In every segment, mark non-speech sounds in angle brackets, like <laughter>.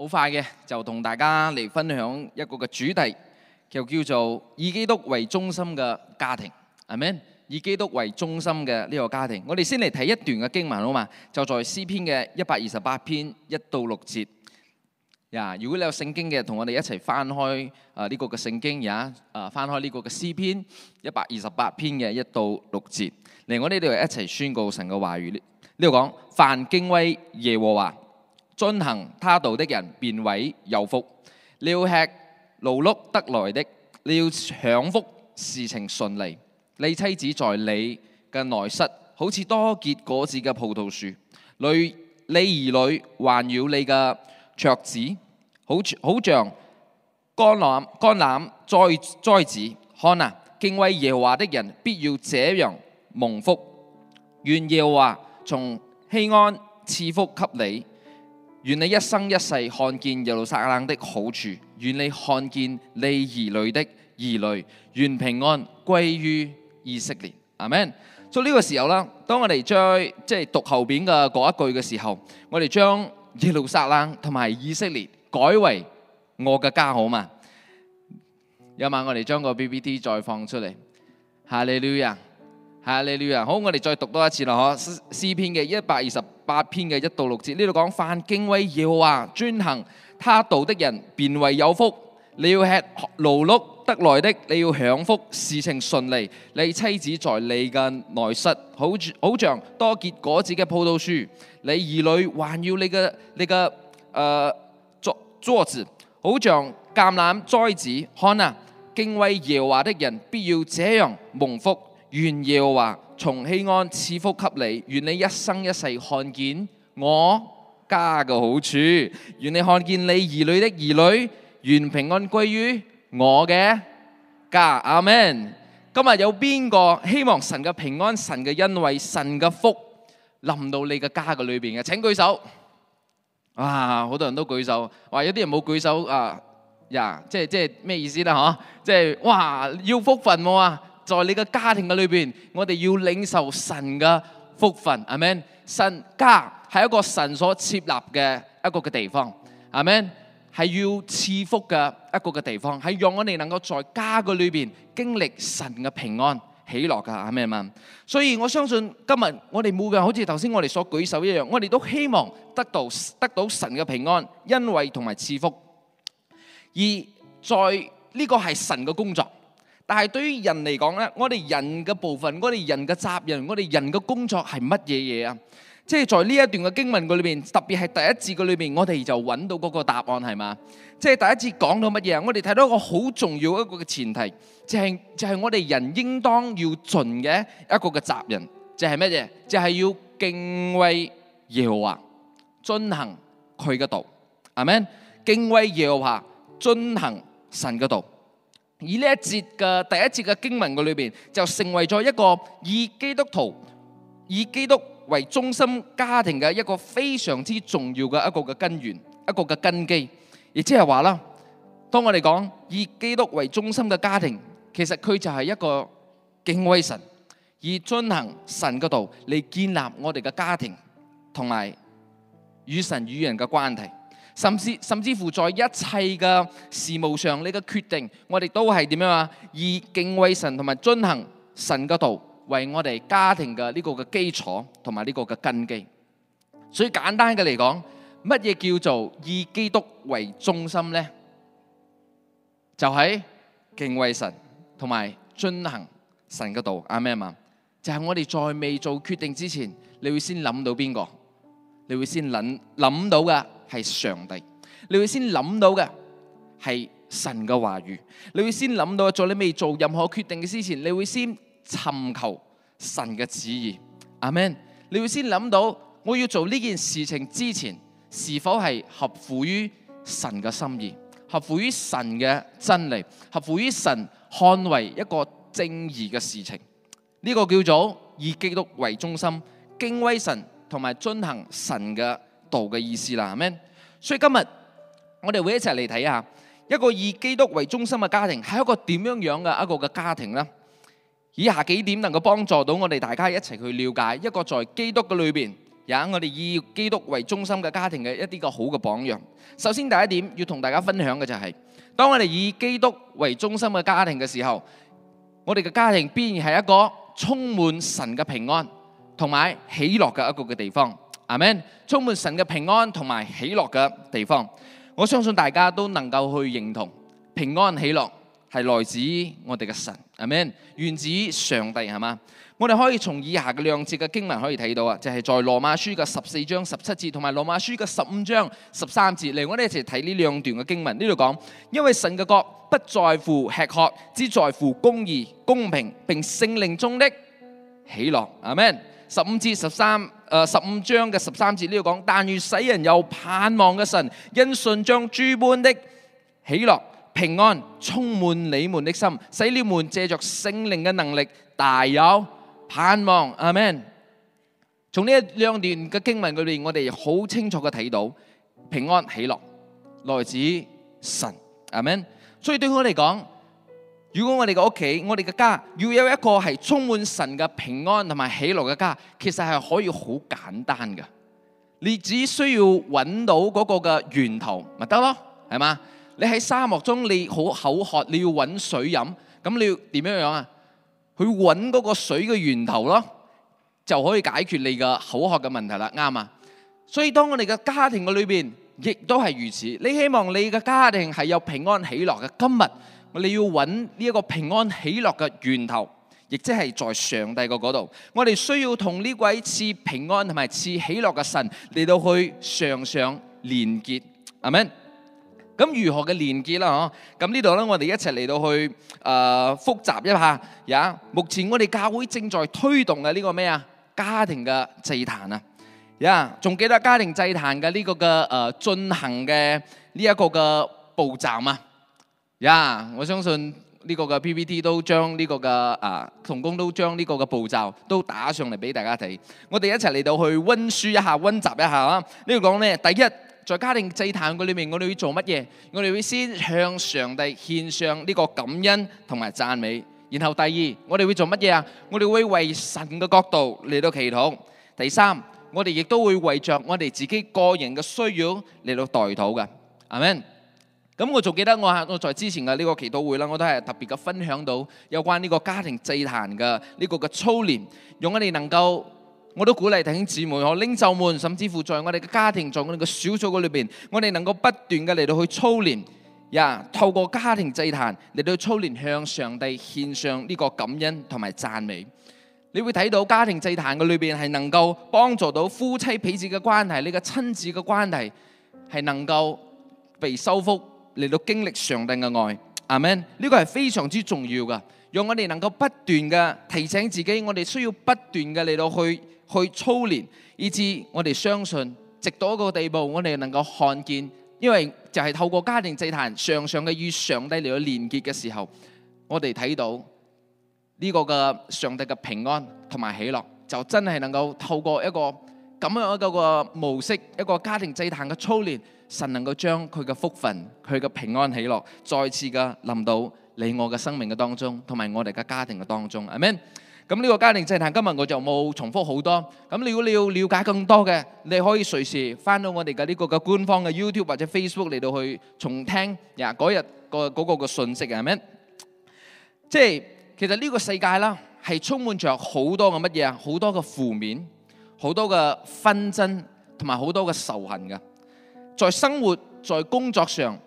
好快嘅，就同大家嚟分享一個嘅主題，就叫做以基督為中心嘅家庭。阿 min，以基督為中心嘅呢個家庭，我哋先嚟睇一段嘅經文好嘛？就在詩篇嘅一百二十八篇一到六節。呀，如果你有聖經嘅，同我哋一齊翻開啊呢個嘅聖經，而家啊翻開呢個嘅詩篇一百二十八篇嘅一到六節。嚟我呢度一齊宣告神嘅話語。呢度講，凡敬畏耶和華。遵行他道的人，便為有福。你要吃勞碌得來的，你要享福，事情順利。你妻子在你嘅內室，好似多結果子嘅葡萄樹；女，你兒女環繞你嘅桌子，好好像橄欖橄欖栽栽子。看啊，敬畏耶和華的人，必要這樣蒙福。願耶和華從錫安賜福給你。願你一生一世看見耶路撒冷的好處，願你看見你兒女的兒女，願平安歸於以色列。阿門。咁呢個時候啦，當我哋將即係讀後邊嘅嗰一句嘅時候，我哋將耶路撒冷同埋以色列改為我嘅家，好嘛？一晚我哋將個 BBT 再放出嚟。哈利路亞，哈利路亞。好，我哋再讀多一次啦，嗬。詩篇嘅一百二十。八篇嘅一到六節，呢度講，凡敬畏耶和華遵行他道的人，便為有福。你要吃勞碌得來的，你要享福，事情順利。你妻子在你嘅內室，好好像多結果子嘅葡萄樹。你兒女圍繞你嘅你嘅誒桌桌子，好像橄欖栽子。看啊，敬畏耶和華的人，必要這樣蒙福。願耶和華從錫安賜福給你，願你一生一世看見我家嘅好處，願你看見你兒女的兒女，願平安歸於我嘅家。阿們，今日有邊個希望神嘅平安、神嘅恩惠、神嘅福臨到你嘅家嘅裏邊嘅？請舉手。哇，好多人都舉手，話有啲人冇舉手啊，呀，即係即係咩意思啦？嗬、啊，即係哇，要福分冇啊！在你嘅家庭嘅裏邊，我哋要領受神嘅福分，阿們。神家係一個神所設立嘅一個嘅地方，阿們，係要賜福嘅一個嘅地方，係讓我哋能夠在家嘅裏邊經歷神嘅平安喜樂嘅，係咪阿們？所以我相信今日我哋每個人好似頭先我哋所舉手一樣，我哋都希望得到得到神嘅平安，恩惠同埋賜福。而在呢個係神嘅工作。但係對於人嚟講咧，我哋人嘅部分，我哋人嘅責任，我哋人嘅工作係乜嘢嘢啊？即係在呢一段嘅經文裏邊，特別係第一節裏邊，我哋就搵到嗰個答案係嘛？即係第一節講到乜嘢啊？我哋睇到一個好重要一個嘅前提，就係就係我哋人應當要盡嘅一個嘅責任，就係乜嘢？就係要敬畏耶和華，遵行佢嘅道。阿們，敬畏耶和華，遵行神嘅道。以呢一節嘅第一節嘅經文嘅裏邊，就成為咗一個以基督徒以基督為中心家庭嘅一個非常之重要嘅一個嘅根源，一個嘅根基。亦即係話啦，當我哋講以基督為中心嘅家庭，其實佢就係一個敬畏神以遵行神嘅道嚟建立我哋嘅家庭同埋與神與人嘅關係。甚至甚至乎在一切嘅事務上，你嘅決定，我哋都係點樣啊？以敬畏神同埋遵行神嘅道，為我哋家庭嘅呢個嘅基礎同埋呢個嘅根基。所以簡單嘅嚟講，乜嘢叫做以基督為中心呢？就喺敬畏神同埋遵行神嘅道。明白嘛，就係我哋在未做決定之前，你會先諗到邊個？你會先諗諗到噶？係上帝，你會先諗到嘅係神嘅話語，你會先諗到，在你未做任何決定嘅之前，你會先尋求神嘅旨意，阿門，你會先諗到，我要做呢件事情之前，是否係合乎於神嘅心意，合乎於神嘅真理，合乎於神捍衛一個正義嘅事情。呢、這個叫做以基督為中心，敬畏神同埋遵行神嘅道嘅意思啦，係咪？所以今日我哋會一齊嚟睇下一個以基督為中心嘅家庭係一個點樣樣嘅一個嘅家庭咧？以下幾點能夠幫助到我哋大家一齊去了解一個在基督嘅裏邊，啊，我哋以基督為中心嘅家庭嘅一啲個好嘅榜樣。首先第一點要同大家分享嘅就係，當我哋以基督為中心嘅家庭嘅時候，我哋嘅家庭必然係一個充滿神嘅平安同埋喜樂嘅一個嘅地方。阿 m a n 充滿神嘅平安同埋喜樂嘅地方，我相信大家都能夠去認同平安喜樂係來自我哋嘅神，阿 m a n 源自上帝係嘛？我哋可以從以下嘅兩節嘅經文可以睇到啊，就係、是、在羅馬書嘅十四章十七節同埋羅馬書嘅十五章十三節。嚟我哋一齊睇呢兩段嘅經文，呢度講因為神嘅國不在乎吃喝，只在乎公義、公平，並聖靈中的喜樂。阿 m a n 十五至十三。誒，十五章嘅十三節呢度講，但願使人有盼望嘅神，因信將諸般的喜樂平安充滿你們的心，使你們借着聖靈嘅能力大有盼望。阿門。從呢兩段嘅經文裏面，我哋好清楚嘅睇到平安喜樂來自神。阿門。所以對我嚟講，如果我哋嘅屋企，我哋嘅家要有一個係充滿神嘅平安同埋喜樂嘅家，其實係可以好簡單㗎。你只需要搵到嗰個嘅源頭咪得咯，係嘛？你喺沙漠中，你好口渴，你要搵水飲，咁你要點樣樣啊？去搵嗰個水嘅源頭咯，就可以解決你嘅口渴嘅問題啦，啱啊！所以當我哋嘅家庭嘅裏邊，亦都係如此。你希望你嘅家庭係有平安喜樂嘅，今日。我哋要揾呢一個平安喜樂嘅源頭，亦即係在上帝嘅嗰度。我哋需要同呢位賜平安同埋賜喜樂嘅神嚟到去上上連結，阿們。咁如何嘅連結啦？嗬。咁呢度咧，我哋一齊嚟到去誒、呃、複習一下。呀、yeah，目前我哋教會正在推動嘅呢個咩啊？家庭嘅祭壇啊。呀，仲記得家庭祭壇嘅呢、這個嘅誒、呃、進行嘅呢一個嘅步驟嗎？呀，我相信呢個嘅 PPT 都將呢個嘅啊，同工都將呢個嘅步驟都打上嚟俾大家睇。我哋一齊嚟到去温書一下、温習一下啦。呢度講咧，第一，在家庭祭壇嗰裏面，我哋會做乜嘢？我哋會先向上帝獻上呢個感恩同埋讚美。然後第二，我哋會做乜嘢啊？我哋會為神嘅角度嚟到祈禱。第三，我哋亦都會為著我哋自己個人嘅需要嚟到代禱嘅，係咪？咁我仲記得我喺我在之前嘅呢個祈禱會啦，我都係特別嘅分享到有關呢個家庭祭壇嘅呢個嘅操練，用我哋能夠，我都鼓勵弟兄姊妹我領袖們，甚至乎在我哋嘅家庭，在我哋嘅小組嘅裏邊，我哋能夠不斷嘅嚟到去操練，呀透過家庭祭壇嚟到去操練向上帝獻上呢個感恩同埋讚美。你會睇到家庭祭壇嘅裏邊係能夠幫助到夫妻彼此嘅關係，呢個親子嘅關係係能夠被修復。嚟到經歷上帝嘅愛，阿們，呢個係非常之重要㗎，讓我哋能夠不斷嘅提醒自己，我哋需要不斷嘅嚟到去去操練，以至我哋相信，直到一個地步，我哋能夠看見，因為就係透過家庭祭壇常常嘅與上帝嚟到連結嘅時候，我哋睇到呢個嘅上帝嘅平安同埋喜樂，就真係能夠透過一個。咁樣一個個模式，一個家庭祭壇嘅操練，神能夠將佢嘅福分、佢嘅平安喜樂，再次嘅臨到你我嘅生命嘅當中，同埋我哋嘅家庭嘅當中，係咪？咁呢個家庭祭壇今日我就冇重複好多。咁如果你要了解更多嘅，你可以隨時翻到我哋嘅呢個嘅官方嘅 YouTube 或者 Facebook 嚟到去重聽呀嗰日個嗰個嘅訊息，係咪？即係其實呢個世界啦，係充滿著好多嘅乜嘢啊，好多嘅負面。好多嘅紛爭同埋好多嘅仇恨嘅，在生活、在工作上，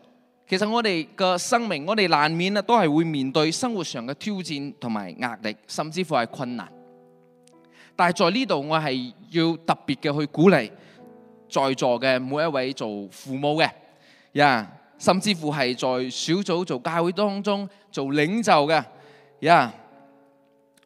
其實我哋嘅生命，我哋難免啊，都係會面對生活上嘅挑戰同埋壓力，甚至乎係困難。但係在呢度，我係要特別嘅去鼓勵在座嘅每一位做父母嘅，呀，甚至乎係在小組做教會當中做領袖嘅，呀，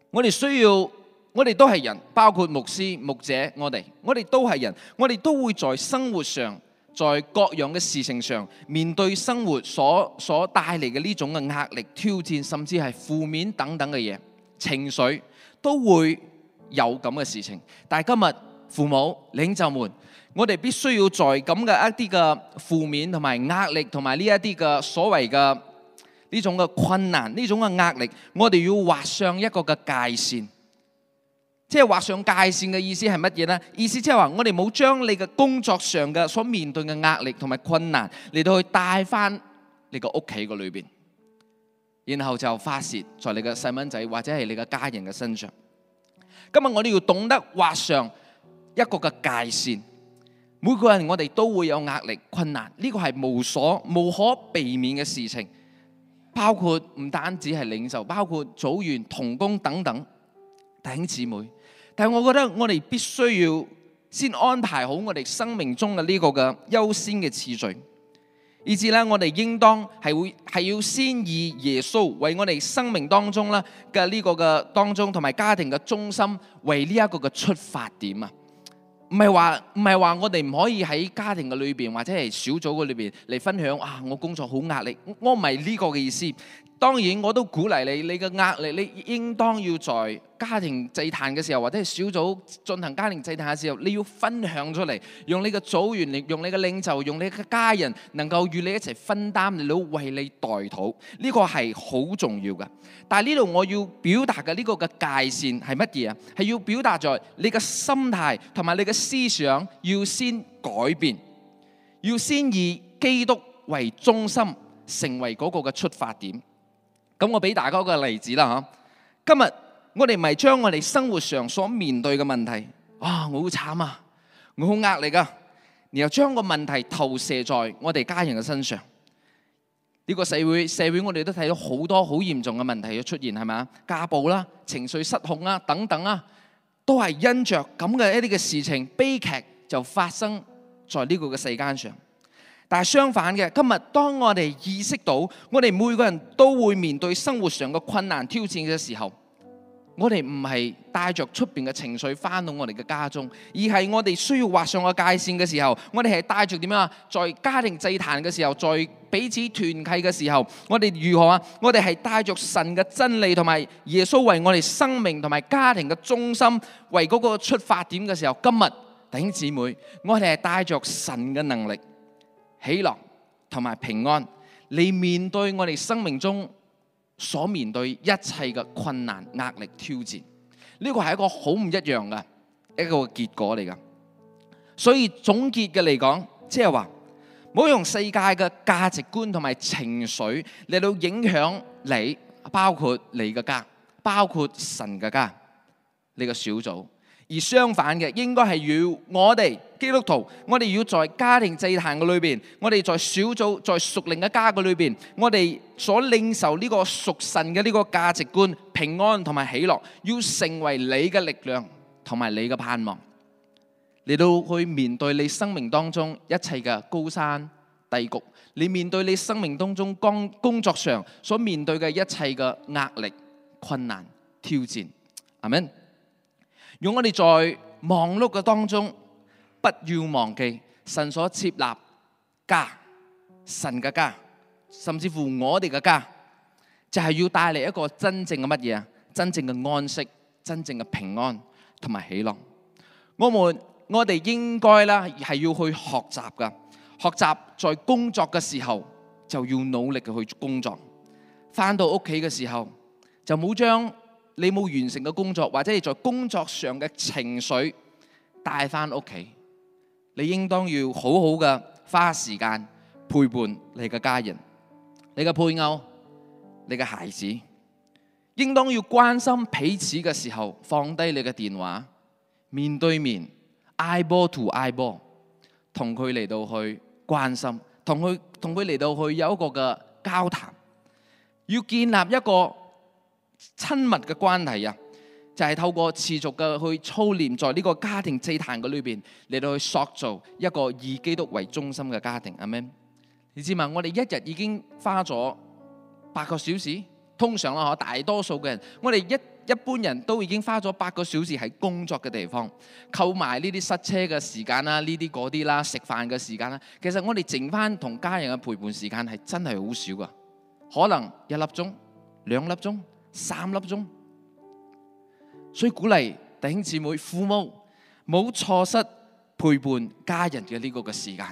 我哋需要。我哋都係人，包括牧師、牧者，我哋我哋都係人，我哋都會在生活上，在各樣嘅事情上面對生活所所帶嚟嘅呢種嘅壓力、挑戰，甚至係負面等等嘅嘢，情緒都會有咁嘅事情。但係今日父母領袖們，我哋必須要在咁嘅一啲嘅負面同埋壓力同埋呢一啲嘅所謂嘅呢種嘅困難呢種嘅壓力，我哋要畫上一個嘅界線。即係畫上界線嘅意思係乜嘢呢？意思即係話我哋冇將你嘅工作上嘅所面對嘅壓力同埋困難嚟到去帶翻你個屋企個裏邊，然後就發洩在你嘅細蚊仔或者係你嘅家人嘅身上。今日我哋要懂得畫上一個嘅界線。每個人我哋都會有壓力、困難，呢個係無所、無可避免嘅事情。包括唔單止係領袖，包括組員、同工等等，弟兄姊妹。但係我覺得我哋必須要先安排好我哋生命中嘅呢個嘅優先嘅次序，以至咧我哋應當係會係要先以耶穌為我哋生命當中咧嘅呢個嘅當中同埋家庭嘅中心為呢一個嘅出發點啊！唔係話唔係話我哋唔可以喺家庭嘅裏邊或者係小組嘅裏邊嚟分享啊！我工作好壓力，我唔係呢個嘅意思。當然我都鼓勵你，你嘅壓力你應當要在。家庭祭壇嘅時候，或者係小組進行家庭祭壇嘅時候，你要分享出嚟，用你嘅組員，用你嘅領袖，用你嘅家人，能夠與你一齊分擔，你都為你代禱，呢、這個係好重要嘅。但係呢度我要表達嘅呢個嘅界線係乜嘢啊？係要表達在你嘅心態同埋你嘅思想要先改變，要先以基督為中心，成為嗰個嘅出發點。咁我俾大家一個例子啦，吓，今日。我哋咪將我哋生活上所面對嘅問題，啊，我好慘啊，我好壓力啊。然後將個問題投射在我哋家人嘅身上。呢個社會，社會我哋都睇到好多好嚴重嘅問題嘅出現，係嘛？家暴啦、啊，情緒失控啊，等等啊，都係因着咁嘅一啲嘅事情，悲劇就發生在呢個嘅世間上。但係相反嘅，今日當我哋意識到，我哋每個人都會面對生活上嘅困難挑戰嘅時候。我哋唔係帶着出邊嘅情緒返到我哋嘅家中，而係我哋需要畫上個界線嘅時候，我哋係帶着點樣啊？在家庭祭壇嘅時候，在彼此團契嘅時候，我哋如何啊？我哋係帶着神嘅真理同埋耶穌為我哋生命同埋家庭嘅中心，為嗰個出發點嘅時候，今日弟兄姊妹，我哋係帶着神嘅能力、喜樂同埋平安，嚟面對我哋生命中所面對一切嘅困難、壓力、挑戰，呢個係一個好唔一樣嘅一個結果嚟噶。所以總結嘅嚟講，即係話，唔好用世界嘅價值觀同埋情緒嚟到影響你，包括你嘅家，包括神嘅家，你個小組。而相反嘅，應該係要我哋。基督徒，我哋要在家庭祭壇嘅裏邊，我哋在小組、在屬靈嘅家嘅裏邊，我哋所領受呢個屬神嘅呢個價值觀、平安同埋喜樂，要成為你嘅力量同埋你嘅盼望，嚟到去面對你生命當中一切嘅高山低谷，你面對你生命當中工工作上所面對嘅一切嘅壓力、困難、挑戰，阿 m 用我哋在忙碌嘅當中。不要忘記神所設立家，神嘅家，甚至乎我哋嘅家，就係要帶嚟一個真正嘅乜嘢啊？真正嘅安息、真正嘅平安同埋喜樂。我們我哋應該啦，係要去學習噶。學習在工作嘅時候就要努力嘅去工作，翻到屋企嘅時候就唔好將你冇完成嘅工作或者你在工作上嘅情緒帶翻屋企。你應當要好好嘅花時間陪伴你嘅家人、你嘅配偶、你嘅孩子，應當要關心彼此嘅時候，放低你嘅電話，面對面 eyeball to eyeball，同佢嚟到去關心，同佢同佢嚟到去有一個嘅交談，要建立一個親密嘅關係啊！就係透過持續嘅去操練，在呢個家庭祭壇嗰裏邊嚟到去塑造一個以基督為中心嘅家庭，阿們，你知嘛？我哋一日已經花咗八個小時，通常啦，嗬，大多數嘅人，我哋一一般人都已經花咗八個小時喺工作嘅地方，扣埋呢啲塞車嘅時間啦，呢啲嗰啲啦，食飯嘅時間啦，其實我哋剩翻同家人嘅陪伴時間係真係好少㗎，可能一粒鐘、兩粒鐘、三粒鐘。所以鼓勵弟兄姊妹，父母冇錯失陪伴家人嘅呢個嘅時間，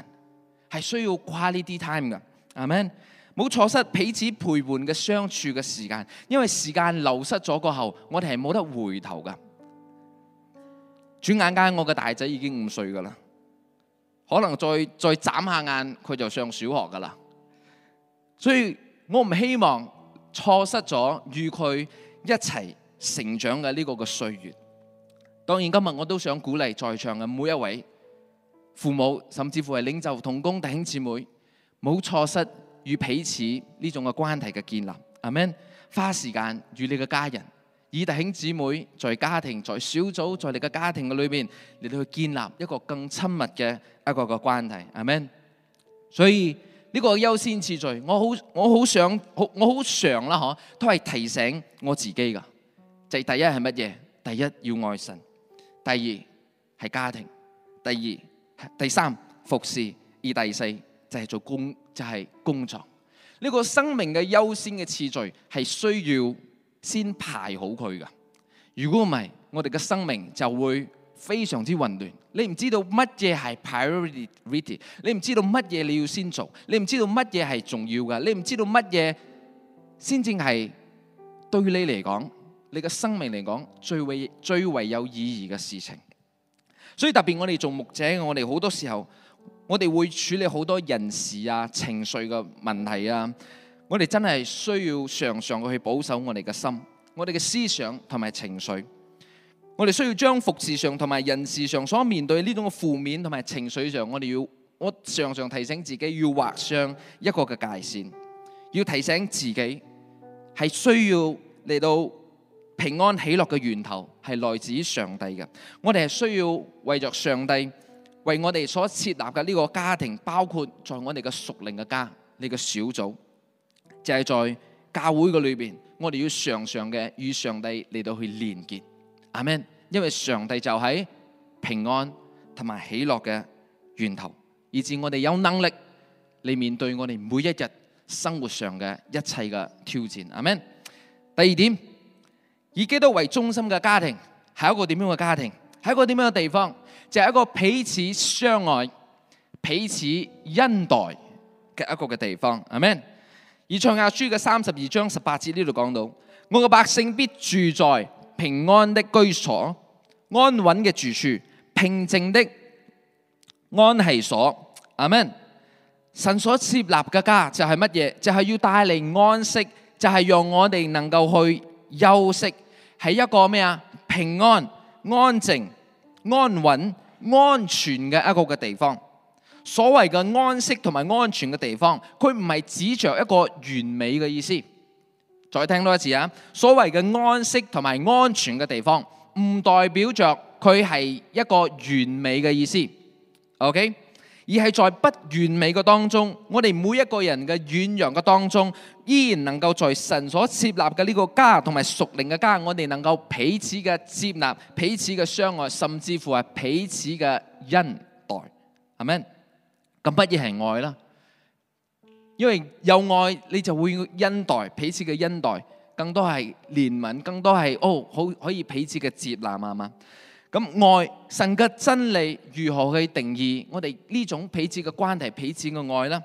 係需要 quality time 噶，Amen，冇錯失彼此陪伴嘅相處嘅時間，因為時間流失咗過後，我哋係冇得回頭噶。轉眼間，我嘅大仔已經五歲噶啦，可能再再眨下眼，佢就上小學噶啦。所以我唔希望錯失咗與佢一齊。成長嘅呢個嘅歲月，當然今日我都想鼓勵在場嘅每一位父母，甚至乎係領袖同工弟兄姊妹，冇錯失與彼此呢種嘅關係嘅建立。阿們。花時間與你嘅家人，以弟兄姊妹在家庭、在小組、在你嘅家庭嘅裏面，你哋去建立一個更親密嘅一個個關係。阿們。所以呢個優先次序，我好我好想好我好常啦，嗬，都係提醒我自己噶，就第一係乜嘢？第一要愛神，第二係家庭，第二第三服侍，而第四就係做工，就係工作。呢個生命嘅優先嘅次序係需要先排好佢噶。如果唔係，我哋嘅生命就會非常之混亂。你唔知道乜嘢係 priority，你唔知道乜嘢你要先做，你唔知道乜嘢係重要噶，你唔知道乜嘢先至係對你嚟講。你嘅生命嚟講，最為最為有意義嘅事情，所以特別我哋做牧者，我哋好多時候我哋會處理好多人事啊、情緒嘅問題啊。我哋真係需要常常去保守我哋嘅心，我哋嘅思想同埋情緒。我哋需要將服侍上同埋人事上所面對呢種嘅負面同埋情緒上，我哋要我常常提醒自己要劃上一個嘅界線，要提醒自己係需要嚟到。平安喜樂嘅源頭係來自於上帝嘅。我哋係需要為着上帝，為我哋所設立嘅呢個家庭，包括在我哋嘅屬靈嘅家，呢個小組，就係在教會嘅裏邊，我哋要常常嘅與上帝嚟到去連結，阿 Man，因為上帝就喺平安同埋喜樂嘅源頭，以至我哋有能力嚟面對我哋每一日生活上嘅一切嘅挑戰，阿 Man，第二點。以基督為中心嘅家庭係一個點樣嘅家庭？係一個點樣嘅地方？就係、是、一個彼此相愛、彼此恩待嘅一個嘅地方。阿們，以賽亞書嘅三十二章十八節呢度講到：我嘅百姓必住在平安的居所、安穩嘅住處、平靜的安息所。阿們，神所設立嘅家就係乜嘢？就係、是、要帶嚟安息，就係、是、讓我哋能夠去休息。係一個咩啊？平安、安靜、安穩、安全嘅一個嘅地方。所謂嘅安息同埋安全嘅地方，佢唔係指著一個完美嘅意思。再聽多一次啊！所謂嘅安息同埋安全嘅地方，唔代表著佢係一個完美嘅意思。OK。而係在不完美嘅當中，我哋每一個人嘅軟弱嘅當中，依然能夠在神所設立嘅呢個家同埋屬靈嘅家，我哋能夠彼此嘅接納，彼此嘅相愛，甚至乎係彼此嘅恩待，係咪？咁乜嘢係愛啦？因為有愛，你就會恩待，彼此嘅恩待，更多係憐憫，更多係哦，好可以彼此嘅接納係嘛。咁愛神嘅真理如何去定義我哋呢種彼此嘅關係、彼此嘅愛呢，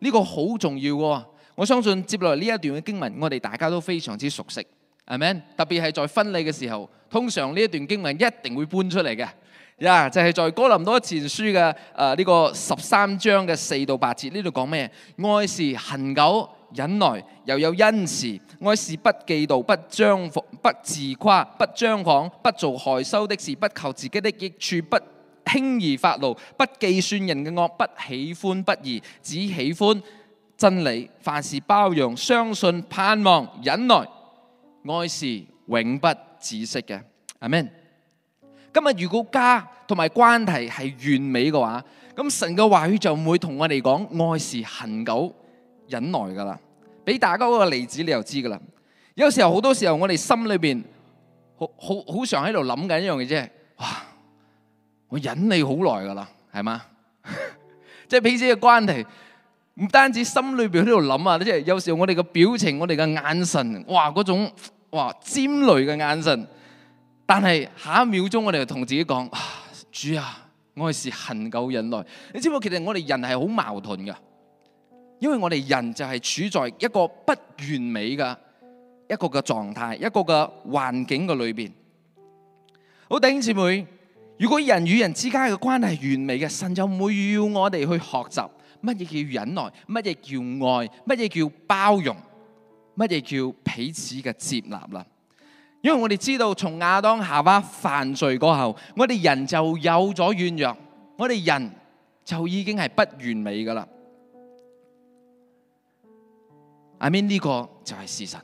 呢、這個好重要喎！我相信接落嚟呢一段嘅經文，我哋大家都非常之熟悉，係咪？特別係在婚禮嘅時候，通常呢一段經文一定會搬出嚟嘅。啊、yeah，就係在哥林多前書嘅呢、呃這個十三章嘅四到八節，呢度講咩？愛是恆久忍耐，又有恩慈。愛是不嫉妒、不張狂、不自誇、不張狂、不做害羞的事、不求自己的益處、不輕易發怒、不計算人嘅惡、不喜歡不義，只喜歡真理。凡事包容、相信、盼望、忍耐，愛是永不止息嘅。阿門。今日如果家同埋關係係完美嘅話，咁神嘅話語就唔會同我哋講愛是恒久忍耐噶啦。俾大家嗰個例子，你又知噶啦。有時候好多時候我，我哋心裏邊好好好常喺度諗緊一樣嘢啫。哇！我忍你好耐噶啦，係嘛？即 <laughs> 係彼此嘅關係，唔單止心裏邊喺度諗啊，即係有時候我哋嘅表情、我哋嘅眼神，哇嗰種哇尖鋭嘅眼神。但係下一秒鐘，我哋就同自己講，主啊，我係是恒久忍耐。你知唔知其實我哋人係好矛盾噶。因為我哋人就係處在一個不完美嘅一個嘅狀態，一個嘅環境嘅裏邊。好，弟兄姊妹，如果人與人之間嘅關係完美嘅，神就唔會要我哋去學習乜嘢叫忍耐，乜嘢叫愛，乜嘢叫包容，乜嘢叫彼此嘅接納啦。因為我哋知道，從亞當夏娃犯罪過後，我哋人就有咗軟弱，我哋人就已經係不完美噶啦。阿 I m a n 呢個就係事實，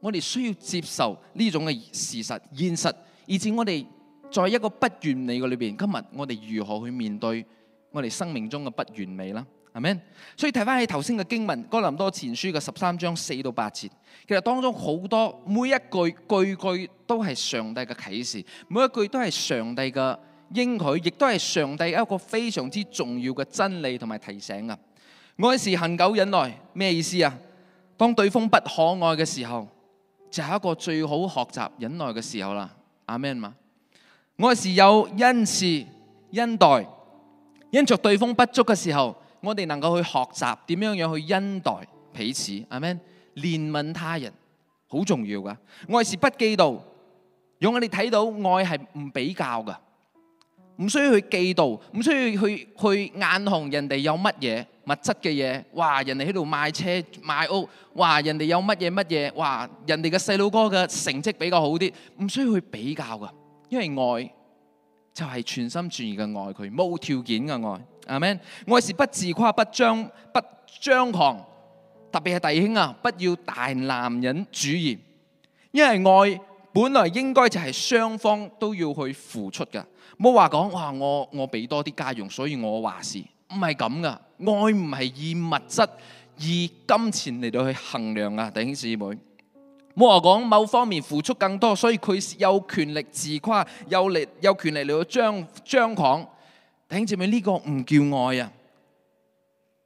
我哋需要接受呢種嘅事實、現實，以致我哋在一個不完美嘅裏邊。今日我哋如何去面對我哋生命中嘅不完美啦？Amen? 所以睇翻起頭先嘅經文《哥林多前書》嘅十三章四到八節，其實當中好多每一句句句都係上帝嘅啟示，每一句都係上帝嘅應許，亦都係上帝一個非常之重要嘅真理同埋提醒啊。我是恆久忍耐，咩意思啊？當對方不可愛嘅時候，就係一個最好學習忍耐嘅時候啦。阿門，嘛！愛是有恩賜、恩待、因着對方不足嘅時候，我哋能夠去學習點樣樣去恩待彼此。阿門，憐憫他人好重要噶。愛是不嫉妒，讓我哋睇到愛係唔比較噶，唔需要去嫉妒，唔需要去去眼紅人哋有乜嘢。物質嘅嘢，哇！人哋喺度賣車賣屋，哇！人哋有乜嘢乜嘢，哇！人哋嘅細佬哥嘅成績比較好啲，唔需要去比較噶，因為愛就係全心全意嘅愛佢，冇條件嘅愛，係咪？Amen? 愛是不自誇、不張、不張狂，特別係弟兄啊，不要大男人主義，因為愛本來應該就係雙方都要去付出噶，冇話講哇，我我俾多啲家用，所以我話事。唔係咁噶，愛唔係以物質、以金錢嚟到去衡量噶，弟兄姊妹。冇話講某方面付出更多，所以佢有權力自誇，有力有權力嚟到張張狂。弟兄姊妹，呢個唔叫愛啊，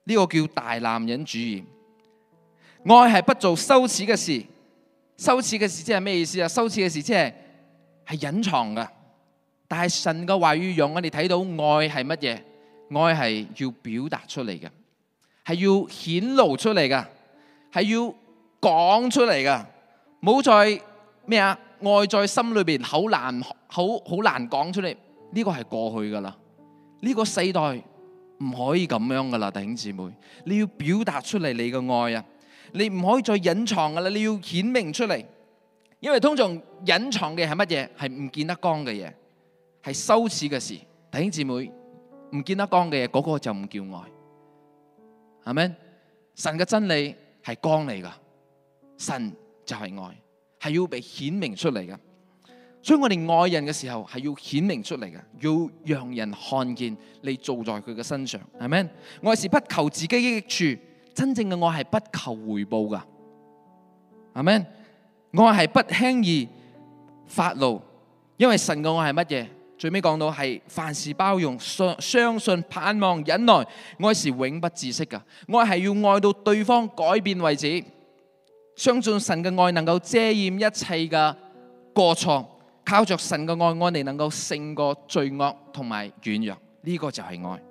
呢個叫大男人主義。愛係不做羞恥嘅事，羞恥嘅事即係咩意思啊？羞恥嘅事即係係隱藏噶。但係神嘅話語讓我哋睇到愛係乜嘢。愛係要表達出嚟嘅，係要顯露出嚟嘅，係要講出嚟嘅，冇再咩啊？愛在心裏邊好難，好好難講出嚟。呢個係過去噶啦，呢個世代唔可以咁樣噶啦，弟兄姊妹，你要表達出嚟你嘅愛啊！你唔可以再隱藏噶啦，你要顯明出嚟。因為通常隱藏嘅係乜嘢？係唔見得光嘅嘢，係羞恥嘅事。弟兄姊妹。唔見得光嘅嘢，嗰個就唔叫愛，係咪？神嘅真理係光嚟噶，神就係愛，係要被顯明出嚟噶。所以我哋愛人嘅時候係要顯明出嚟嘅，要讓人看見你做在佢嘅身上，係咪？愛是不求自己益處，真正嘅愛係不求回報噶，係咪？愛係不輕易發怒，因為神嘅愛係乜嘢？最尾講到係凡事包容、相相信、盼望、忍耐，愛是永不止息嘅。愛係要愛到對方改變為止。相信神嘅愛能夠遮掩一切嘅過錯，靠着神嘅愛，我哋能夠勝過罪惡同埋軟弱。呢、這個就係愛。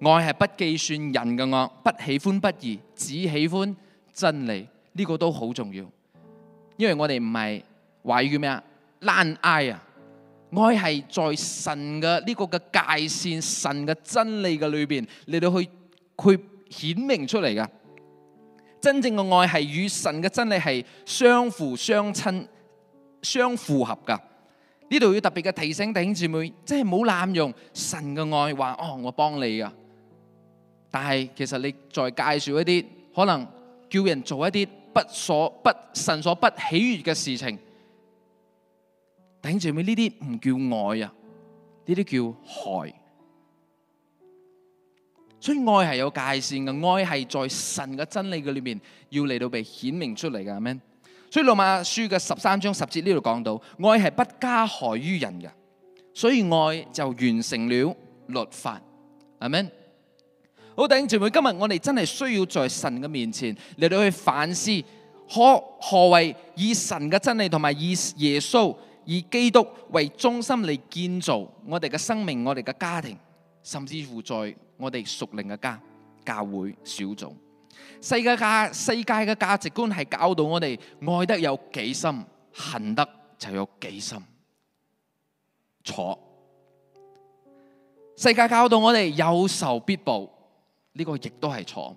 愛係不計算人嘅惡，不喜歡不義，只喜歡真理。呢、這個都好重要，因為我哋唔係話語叫咩啊？濫愛啊！愛係在神嘅呢個嘅界線，神嘅真理嘅裏邊你到去佢顯明出嚟嘅。真正嘅愛係與神嘅真理係相輔相親、相符合噶呢度要特別嘅提醒弟兄姊妹，即係冇濫用神嘅愛說，話哦我幫你噶。但係其實你再介紹一啲可能叫人做一啲不所不神所不喜悅嘅事情。弟兄姊妹，呢啲唔叫愛啊，呢啲叫害。所以愛係有界線嘅，愛係在神嘅真理嘅裏面要嚟,到被顯明出嚟嘅，係咪？所以羅馬書嘅十三章十節呢度講到，愛係不加害於人嘅，所以愛就完成了律法，係咪？好，弟兄姊妹，今日我哋真係需要在神嘅面前嚟到去反思，何何為以神嘅真理同埋以耶穌。以基督為中心嚟建造我哋嘅生命，我哋嘅家庭，甚至乎在我哋屬靈嘅家教會小組，世界價世界嘅價值觀係教導，導我哋愛得有幾深，恨得就有幾深。錯，世界教導，導我哋有仇必報，呢、這個亦都係錯，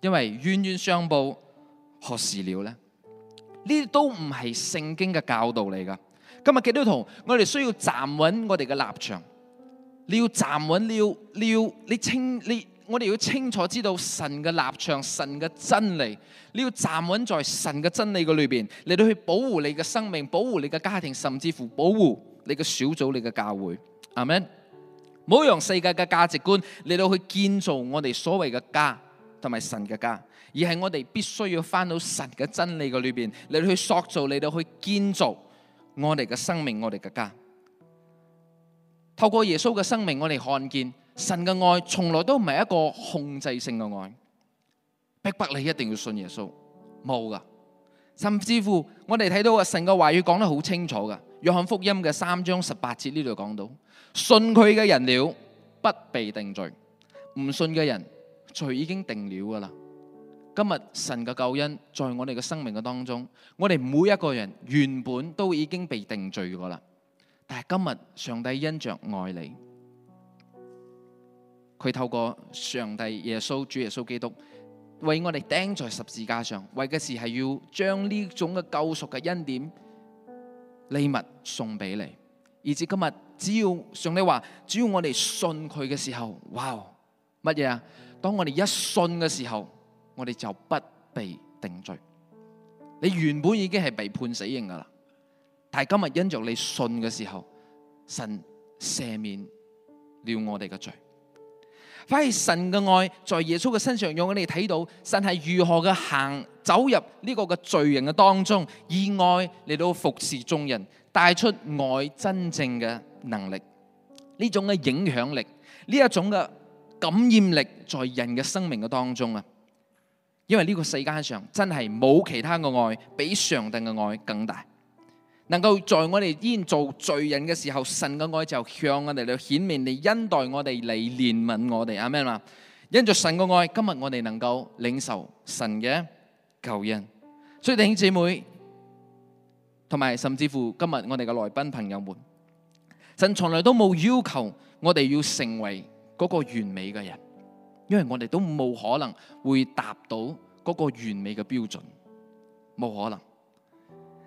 因為冤冤相報何時了呢？呢啲都唔係聖經嘅教導嚟噶。今日基督徒，我哋需要站穩我哋嘅立場。你要站穩，你要，你要，你清，你我哋要清楚知道神嘅立場，神嘅真理。你要站穩在神嘅真理嘅裏邊，嚟到去保護你嘅生命，保護你嘅家庭，甚至乎保護你嘅小組、你嘅教會。阿門。唔好用世界嘅價值觀嚟到去建造我哋所謂嘅家。唔係神嘅家，而係我哋必須要翻到神嘅真理嘅裏邊，嚟去塑造，嚟到去建造我哋嘅生命，我哋嘅家。透過耶穌嘅生命，我哋看見神嘅愛從來都唔係一個控制性嘅愛。逼迫你一定要信耶穌，冇噶。甚至乎我哋睇到嘅神嘅話語講得好清楚噶，《約翰福音》嘅三章十八節呢度講到，信佢嘅人了，不被定罪；唔信嘅人。罪已經定了噶啦。今日神嘅救恩在我哋嘅生命嘅當中，我哋每一個人原本都已經被定罪過啦。但係今日上帝因着愛你，佢透過上帝耶穌主耶穌基督為我哋釘在十字架上，為嘅事係要將呢種嘅救贖嘅恩典禮物送俾你。而至今日，只要上帝話，只要我哋信佢嘅時候，哇，乜嘢啊？當我哋一信嘅時候，我哋就不被定罪。你原本已經係被判死刑噶啦，但係今日因着你信嘅時候，神赦免了我哋嘅罪。反而神嘅愛在耶穌嘅身上，讓我哋睇到神係如何嘅行走入呢個嘅罪人嘅當中，以愛嚟到服侍眾人，帶出愛真正嘅能力，呢種嘅影響力，呢一種嘅。感染力在人嘅生命嘅當中啊，因為呢個世界上真係冇其他嘅愛比上帝嘅愛更大，能夠在我哋依然做罪人嘅時候，神嘅愛就向我哋嚟顯明，嚟恩待我哋，嚟憐憫我哋，阿們嘛？因着神嘅愛，今日我哋能夠領受神嘅救恩。所以弟兄姊妹，同埋甚至乎今日我哋嘅來賓朋友們，神從來都冇要求我哋要成為。嗰個完美嘅人，因為我哋都冇可能會達到嗰個完美嘅標準，冇可能。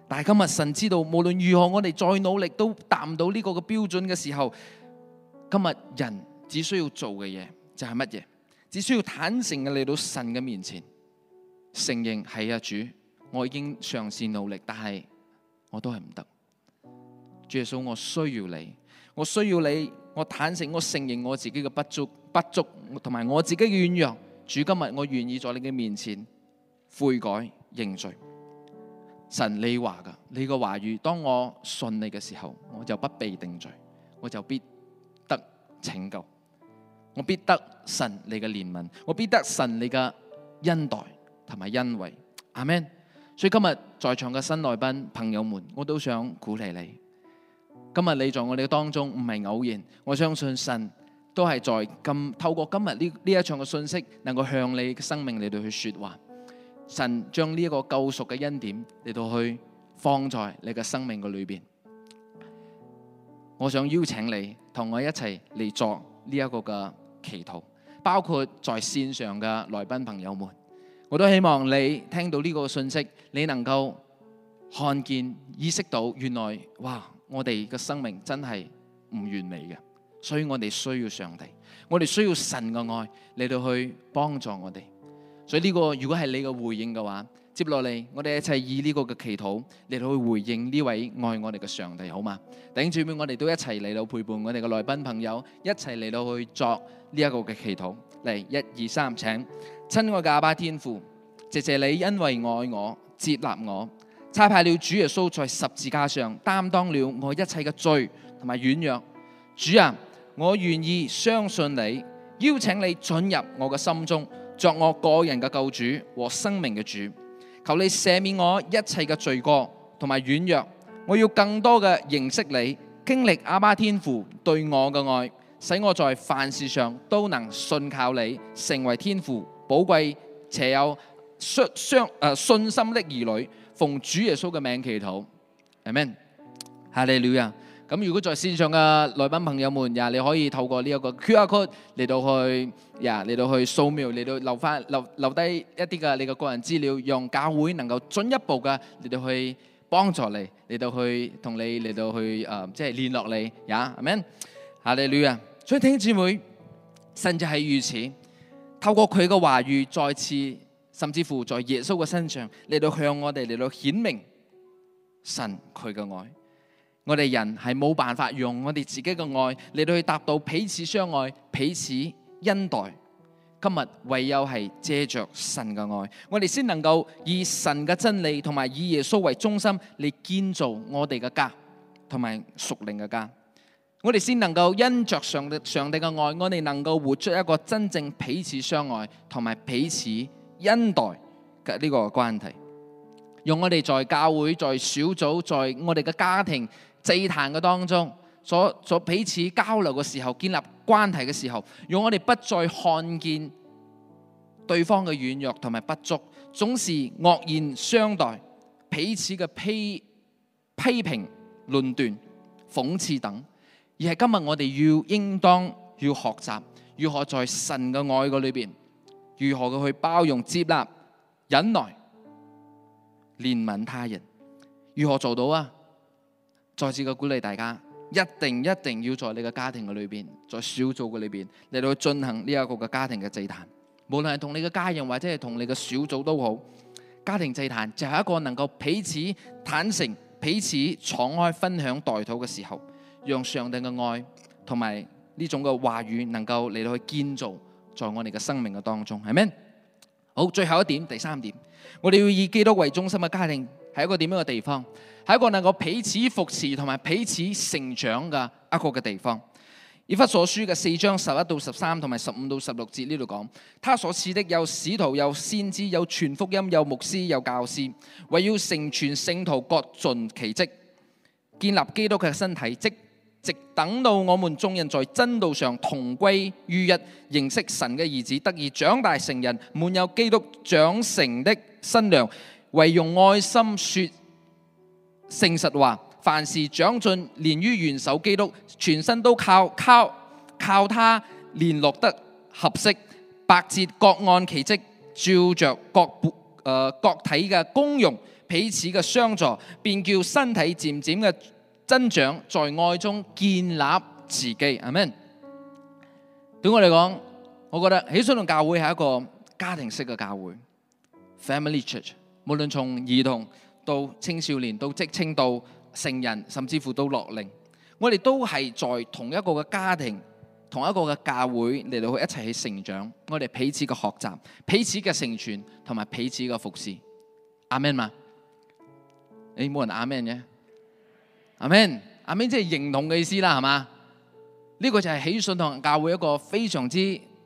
但係今日神知道，無論如何我哋再努力都達唔到呢個嘅標準嘅時候，今日人只需要做嘅嘢就係乜嘢？只需要坦誠嘅嚟到神嘅面前，承認係啊主，我已經嘗試努力，但係我都係唔得。主耶穌，我需要你，我需要你。我坦誠，我承認我自己嘅不足、不足同埋我自己嘅軟弱。主，今日我願意在你嘅面前悔改認罪。神你話㗎，你嘅話語，當我信你嘅時候，我就不被定罪，我就必得拯救，我必得神你嘅憐憫，我必得神你嘅恩待同埋恩惠。阿們。所以今日在場嘅新來賓朋友們，我都想鼓勵你。今日你在我哋當中唔係偶然，我相信神都係在今透過今日呢呢一場嘅信息，能夠向你生命嚟到去說話。神將呢一個救贖嘅恩典嚟到去放在你嘅生命嘅裏邊。我想邀請你同我一齊嚟作呢一個嘅祈禱，包括在線上嘅來賓朋友們，我都希望你聽到呢個信息，你能夠看見、意識到原來哇。我哋嘅生命真係唔完美嘅，所以我哋需要上帝，我哋需要神嘅愛嚟到去幫助我哋。所以呢個如果係你嘅回應嘅話，接落嚟我哋一齊以呢個嘅祈禱嚟到去回應呢位愛我哋嘅上帝，好嘛？頂住面我哋都一齊嚟到陪伴我哋嘅來賓朋友，一齊嚟到去作呢一個嘅祈禱。嚟，一二三，請親愛嘅阿爸天父，謝謝你因為愛我接納我。差派了主耶穌在十字架上擔當了我一切嘅罪同埋軟弱。主啊，我願意相信你，邀請你進入我嘅心中，作我個人嘅救主和生命嘅主。求你赦免我一切嘅罪過同埋軟弱。我要更多嘅認識你，經歷阿爸天父對我嘅愛，使我在凡事上都能信靠你，成為天父寶貴且有信心的兒女。奉主耶穌嘅名祈禱，阿們，哈利路亞。咁如果在線上嘅來賓朋友們，呀，你可以透過呢一個 QR code 嚟到去，呀嚟到去掃描，嚟到留翻留留低一啲嘅你嘅個人資料，讓教會能夠進一步嘅嚟到去幫助你，嚟到去同你嚟到去誒，即係聯絡你，呀，阿們，哈利路亞。所以弟兄姊妹，神就係如此，透過佢嘅話語，再次。甚至乎在耶穌嘅身上嚟到向我哋嚟到顯明神佢嘅愛。我哋人係冇辦法用我哋自己嘅愛嚟到去達到彼此相愛、彼此恩待。今日唯有係借着神嘅愛，我哋先能夠以神嘅真理同埋以耶穌為中心嚟建造我哋嘅家同埋屬靈嘅家。我哋先能夠因着上上帝嘅愛，我哋能夠活出一個真正彼此相愛同埋彼此恩待嘅呢個關係，用我哋在教會、在小組、在我哋嘅家庭祭壇嘅當中，所所彼此交流嘅時候，建立關係嘅時候，用我哋不再看見對方嘅軟弱同埋不足，總是惡言相待，彼此嘅批批評、論斷、諷刺等，而係今日我哋要應當要學習，如何在神嘅愛嘅裏邊。如何嘅去包容接納、忍耐、憐憫他人？如何做到啊？再次嘅鼓勵大家，一定一定要在你嘅家庭嘅裏邊，在小組嘅裏邊嚟到去進行呢一個嘅家庭嘅祭壇。無論係同你嘅家人或者係同你嘅小組都好，家庭祭壇就係一個能夠彼此坦誠、彼此敞開分享代禱嘅時候，讓上帝嘅愛同埋呢種嘅話語能夠嚟到去建造，在我哋嘅生命嘅當中，係咪？好，最後一點，第三點，我哋要以基督為中心嘅家庭，係一個點樣嘅地方？係一個能夠彼此扶持同埋彼此成長嘅一個嘅地方。以弗所書嘅四章十一到十三同埋十五到十六節呢度講，他所賜的，有使徒，有先知，有傳福音，有牧師，有教師，為要成全聖,聖徒，各盡其職，建立基督嘅身體。即直等到我們眾人在真道上同歸於一，認識神嘅兒子，得以長大成人，滿有基督長成的新娘，唯用愛心說誠實話，凡事長進，連於元首基督，全身都靠靠靠他聯絡得合適，百節各按其職，照着各誒、呃、各體嘅功用彼此嘅相助，便叫身體漸漸嘅。增長在愛中建立自己，阿們。對我嚟講，我覺得喜信同教會係一個家庭式嘅教會，Family Church。無論從兒童到青少年，到職青到成人，甚至乎到樂齡，我哋都係在同一個嘅家庭、同一個嘅教會嚟到去一齊去成長。我哋彼此嘅學習、彼此嘅成全同埋彼此嘅服侍，阿們嘛？誒，冇人阿們嘅？阿們，阿們即係認同嘅意思啦，係嘛？呢個就係喜信堂教會一個非常之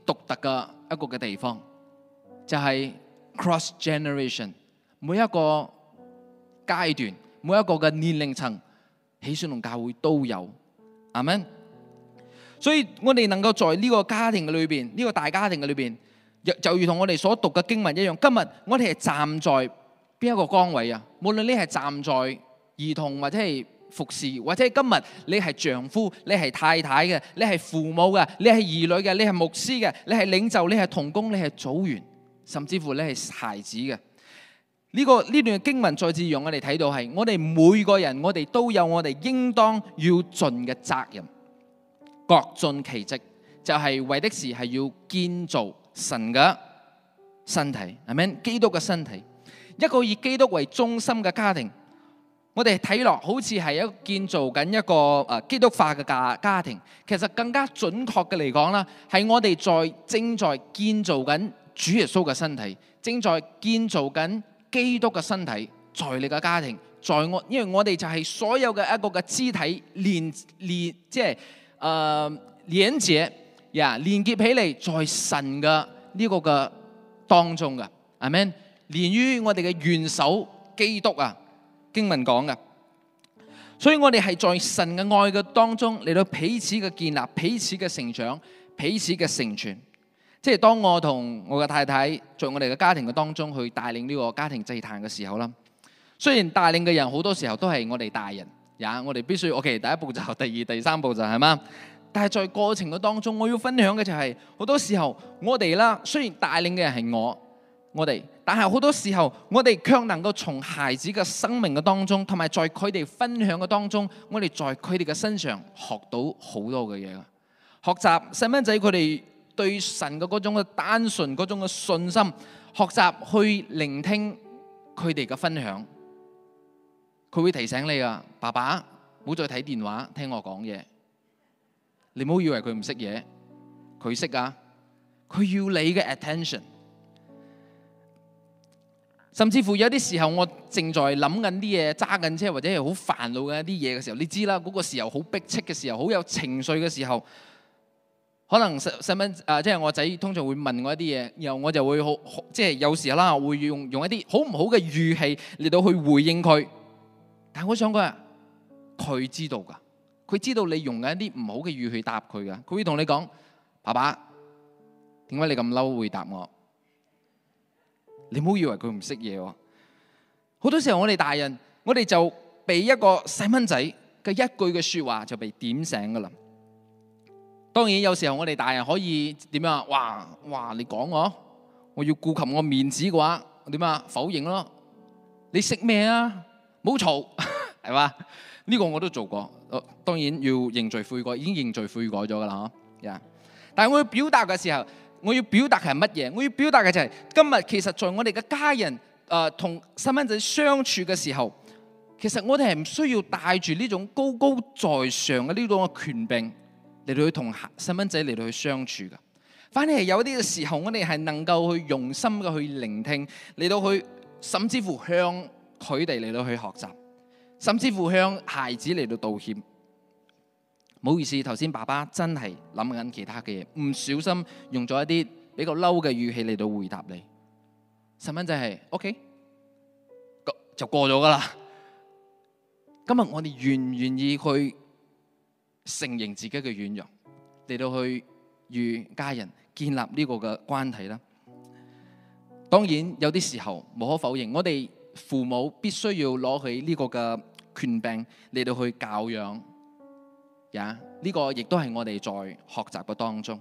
獨特嘅一個嘅地方，就係 cross generation，每一個階段、每一個嘅年齡層，喜信堂教會都有。阿們，所以我哋能夠在呢個家庭嘅裏邊，呢個大家庭嘅裏邊，就就如同我哋所讀嘅經文一樣。今日我哋係站在邊一個崗位啊？無論你係站在兒童或者係，服侍，或者今日你係丈夫，你係太太嘅，你係父母嘅，你係兒女嘅，你係牧師嘅，你係領袖，你係同工，你係組員，甚至乎你係孩子嘅。呢個呢段經文再次讓我哋睇到係，我哋每個人，我哋都有我哋應當要盡嘅責任，各盡其職，就係為的是係要建造神嘅身體，係咪？基督嘅身體，一個以基督為中心嘅家庭。我哋睇落好似係一建造緊一個基督化嘅家庭，其實更加準確嘅嚟講啦，係我哋在正在建造緊主耶穌嘅身體，正在建造緊基督嘅身體，在你嘅家庭，在我，因為我哋就係所有嘅一個嘅肢體連連，即、就、係、係呃、連接呀，連結起嚟在神嘅呢個嘅當中嘅，阿 min 連於我哋嘅元首基督啊。經文講嘅，所以我哋係在神嘅愛嘅當中嚟到彼此嘅建立，彼此嘅成長，彼此嘅成全。即係當我同我嘅太太在我哋嘅家庭嘅當中去帶領呢個家庭祭壇嘅時候啦，雖然帶領嘅人好多時候都係我哋大人，呀，我哋必須我嘅、OK, 第一步就第二、第三步就係嘛，但係在過程嘅當中，我要分享嘅就係、是、好多時候我哋啦，雖然帶領嘅人係我，我哋。但係好多時候，我哋卻能夠從孩子嘅生命嘅當中，同埋在佢哋分享嘅當中，我哋在佢哋嘅身上學到好多嘅嘢啦。學習細蚊仔佢哋對神嘅嗰種嘅單純，嗰種嘅信心。學習去聆聽佢哋嘅分享，佢會提醒你啊，爸爸，唔好再睇電話，聽我講嘢。你唔好以為佢唔識嘢，佢識啊，佢要你嘅 attention。甚至乎有啲時候，我正在諗緊啲嘢、揸緊車或者係好煩惱嘅一啲嘢嘅時候，你知啦，嗰個時候好逼切嘅時候，好有情緒嘅時候，可能細細蚊啊，即係我仔通常會問我一啲嘢，然後我就會好即係有時候啦，會用用一啲好唔好嘅語氣嚟到去回應佢。但係我想講佢，佢知道噶，佢知道你用緊一啲唔好嘅語氣去答佢噶，佢會同你講：爸爸，點解你咁嬲回答我？你唔好以為佢唔識嘢喎，好多時候我哋大人，我哋就被一個細蚊仔嘅一句嘅說話就被點醒噶啦。當然有時候我哋大人可以點啊？哇哇，你講我，啊，我要顧及我面子嘅話，點啊否認咯？你識咩啊？唔好嘈係嘛？呢、 <laughs> 呢個我都做過，當然要認罪悔改，已經認罪悔改咗噶啦嗬。Yeah. 但係我要表達嘅時候。我要表達嘅係乜嘢？我要表達嘅就係今日，其實在我哋嘅家人啊，同細蚊仔相處嘅時候，其實我哋係唔需要帶住呢種高高在上嘅呢種嘅權柄嚟到去同細蚊仔嚟到去相處嘅。反而係有一啲嘅時候，我哋係能夠去用心嘅去聆聽，嚟到去甚至乎向佢哋嚟到去學習，甚至乎向孩子嚟到道歉。唔好意思，頭先爸爸真係諗緊其他嘅嘢，唔小心用咗一啲比較嬲嘅語氣嚟到回答你。細蚊仔係，OK，就過咗噶啦。今日我哋願唔願意去承認自己嘅軟弱，嚟到去與家人建立呢個嘅關係啦。當然有啲時候無可否認，我哋父母必須要攞起呢個嘅權柄嚟到去教養。呀！呢個亦都係我哋在學習嘅當中。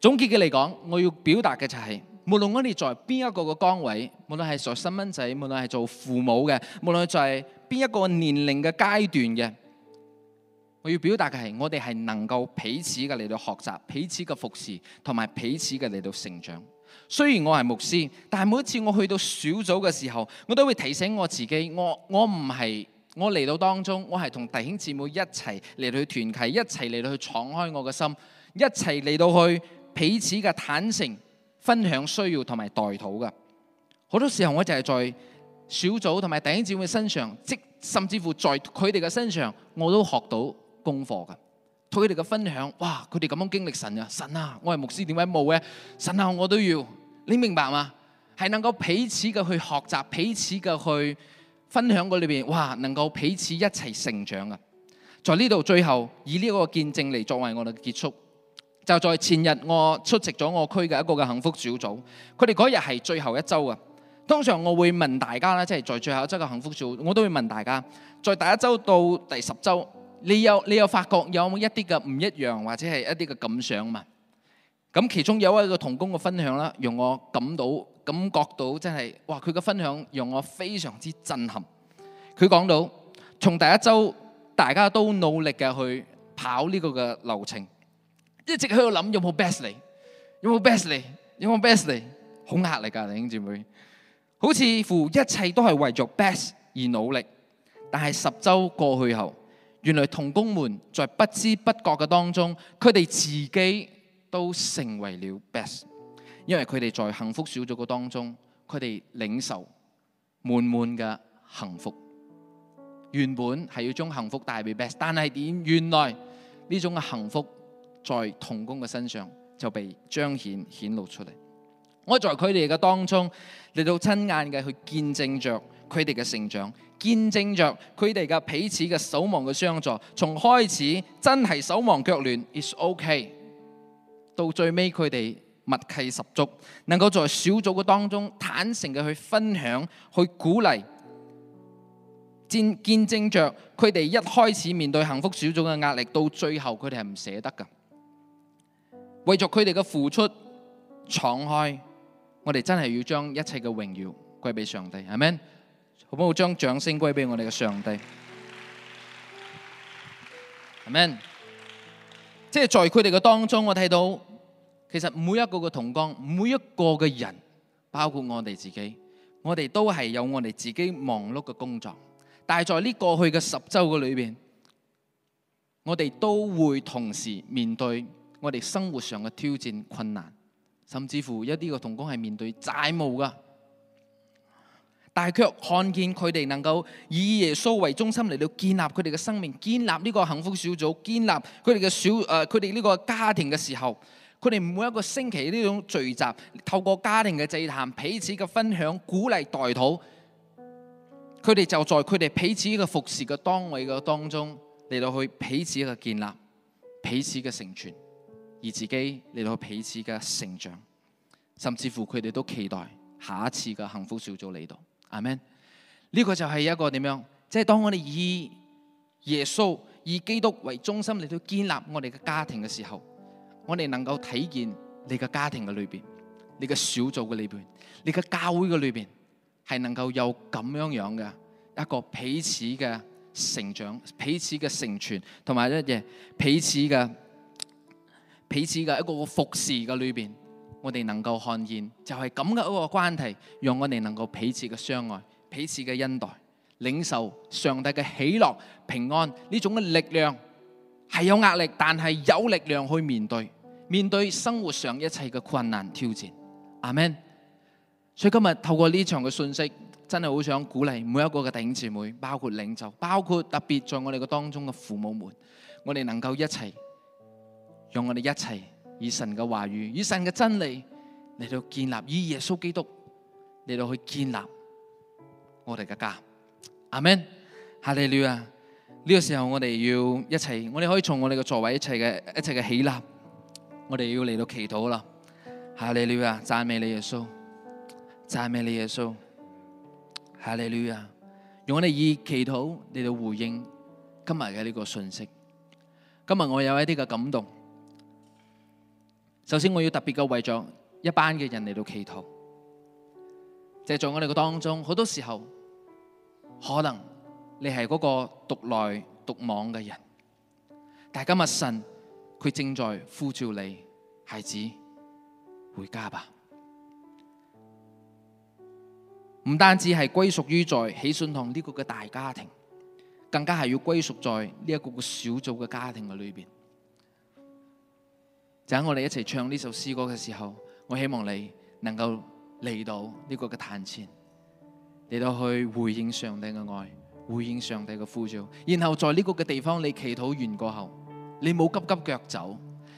總結嘅嚟講，我要表達嘅就係、是，無論我哋在邊一個嘅崗位，無論係做細蚊仔，無論係做父母嘅，無論係做邊一個年齡嘅階段嘅，我要表達嘅係，我哋係能夠彼此嘅嚟到學習，彼此嘅服侍，同埋彼此嘅嚟到成長。雖然我係牧師，但係每一次我去到小組嘅時候，我都會提醒我自己，我我唔係。我嚟到當中，我係同弟兄姊妹一齊嚟到去團契，一齊嚟到去敞開我嘅心，一齊嚟到去彼此嘅坦誠分享需要同埋代禱嘅。好多時候我就係在小組同埋弟兄姊妹身上，即甚至乎在佢哋嘅身上，我都學到功課嘅。同佢哋嘅分享，哇！佢哋咁樣經歷神啊！神啊！我係牧師點解冇嘅？神啊！我都要，你明白嘛？係能夠彼此嘅去學習，彼此嘅去。分享過裏邊，哇，能夠彼此一齊成長啊！在呢度最後，以呢一個見證嚟作為我哋嘅結束。就在前日，我出席咗我區嘅一個嘅幸福小組，佢哋嗰日係最後一週啊。通常我會問大家咧，即係在最後一週嘅幸福小組，我都會問大家，在第一週到第十週，你有你有發覺有冇一啲嘅唔一樣，或者係一啲嘅感想嘛？咁其中有一個同工嘅分享啦，讓我感到。感覺到真係，哇！佢嘅分享讓我非常之震撼。佢講到，從第一週大家都努力嘅去跑呢個嘅流程，一直喺度諗有冇 best 嚟，有冇 best 嚟，有冇 best 嚟，好壓力㗎，弟兄姊妹。好似乎一切都係為著 best 而努力，但係十週過去後，原來同工們在不知不覺嘅當中，佢哋自己都成為了 best。因為佢哋在幸福小組嘅當中，佢哋領受滿滿嘅幸福。原本係要將幸福帶俾 best，但係點？原來呢種嘅幸福在同工嘅身上就被彰顯顯露出嚟。我在佢哋嘅當中，嚟到親眼嘅去見證着佢哋嘅成長，見證着佢哋嘅彼此嘅手忙嘅相助。從開始真係手忙腳亂，It's OK，到最尾佢哋。默契十足，能夠在小組嘅當中坦誠嘅去分享、去鼓勵，見見證着佢哋一開始面對幸福小組嘅壓力，到最後佢哋係唔捨得㗎。為咗佢哋嘅付出，敞開，我哋真係要將一切嘅榮耀歸俾上帝，係咪？好唔好將掌聲歸俾我哋嘅上帝？係咪？即係在佢哋嘅當中，我睇到。其實每一個嘅同工，每一個嘅人，包括我哋自己，我哋都係有我哋自己忙碌嘅工作。但係在呢過去嘅十周嘅裏邊，我哋都會同時面對我哋生活上嘅挑戰困難，甚至乎一啲嘅同工係面對債務㗎。但係卻看見佢哋能夠以耶穌為中心嚟到建立佢哋嘅生命，建立呢個幸福小組，建立佢哋嘅小誒，佢哋呢個家庭嘅時候。佢哋每一個星期呢種聚集，透過家庭嘅祭壇，彼此嘅分享、鼓勵代、代禱，佢哋就在佢哋彼此嘅服侍嘅單位嘅當中嚟到去彼此嘅建立、彼此嘅成全，而自己嚟到彼此嘅成長，甚至乎佢哋都期待下一次嘅幸福小組嚟到，阿們，呢、這個就係一個點樣，即係當我哋以耶穌、以基督為中心嚟到建立我哋嘅家庭嘅時候。我哋能夠體現你個家庭嘅裏邊，你個小組嘅裏邊，你個教會嘅裏邊，係能夠有咁樣樣嘅一個彼此嘅成長、彼此嘅成全，同埋一嘢彼此嘅彼此嘅一個服侍嘅裏邊，我哋能夠看見就係咁嘅一個關係，讓我哋能夠彼此嘅相愛、彼此嘅恩待、領受上帝嘅喜樂、平安呢種嘅力量。係有壓力，但係有力量去面對面對生活上一切嘅困難挑戰。阿門。所以今日透過呢場嘅信息，真係好想鼓勵每一個嘅弟兄姊妹，包括領袖，包括特別在我哋嘅當中嘅父母們，我哋能夠一齊用我哋一齊以神嘅話語、以神嘅真理嚟到建立，以耶穌基督嚟到去建立我哋嘅家。阿門。哈利路亞。呢個時候我哋要一齊，我哋可以從我哋嘅座位一齊嘅一齊嘅起立，我哋要嚟到祈禱啦！哈利路亞，讚美你耶穌，讚美你耶穌！哈利路亞，用我哋以祈禱嚟到回應今日嘅呢個信息。今日我有一啲嘅感動。首先我要特別嘅為咗一班嘅人嚟到祈禱，即係在我哋嘅當中，好多時候可能。你係嗰個獨來獨往嘅人，但係今日神佢正在呼召你，孩子回家吧。唔單止係歸屬於在喜信堂呢個嘅大家庭，更加係要歸屬在呢一個嘅小組嘅家庭嘅裏邊。就喺我哋一齊唱呢首詩歌嘅時候，我希望你能夠嚟到呢個嘅壇前，嚟到去回應上帝嘅愛。回應上帝嘅呼召，然後在呢個嘅地方，你祈禱完過後，你冇急急腳走。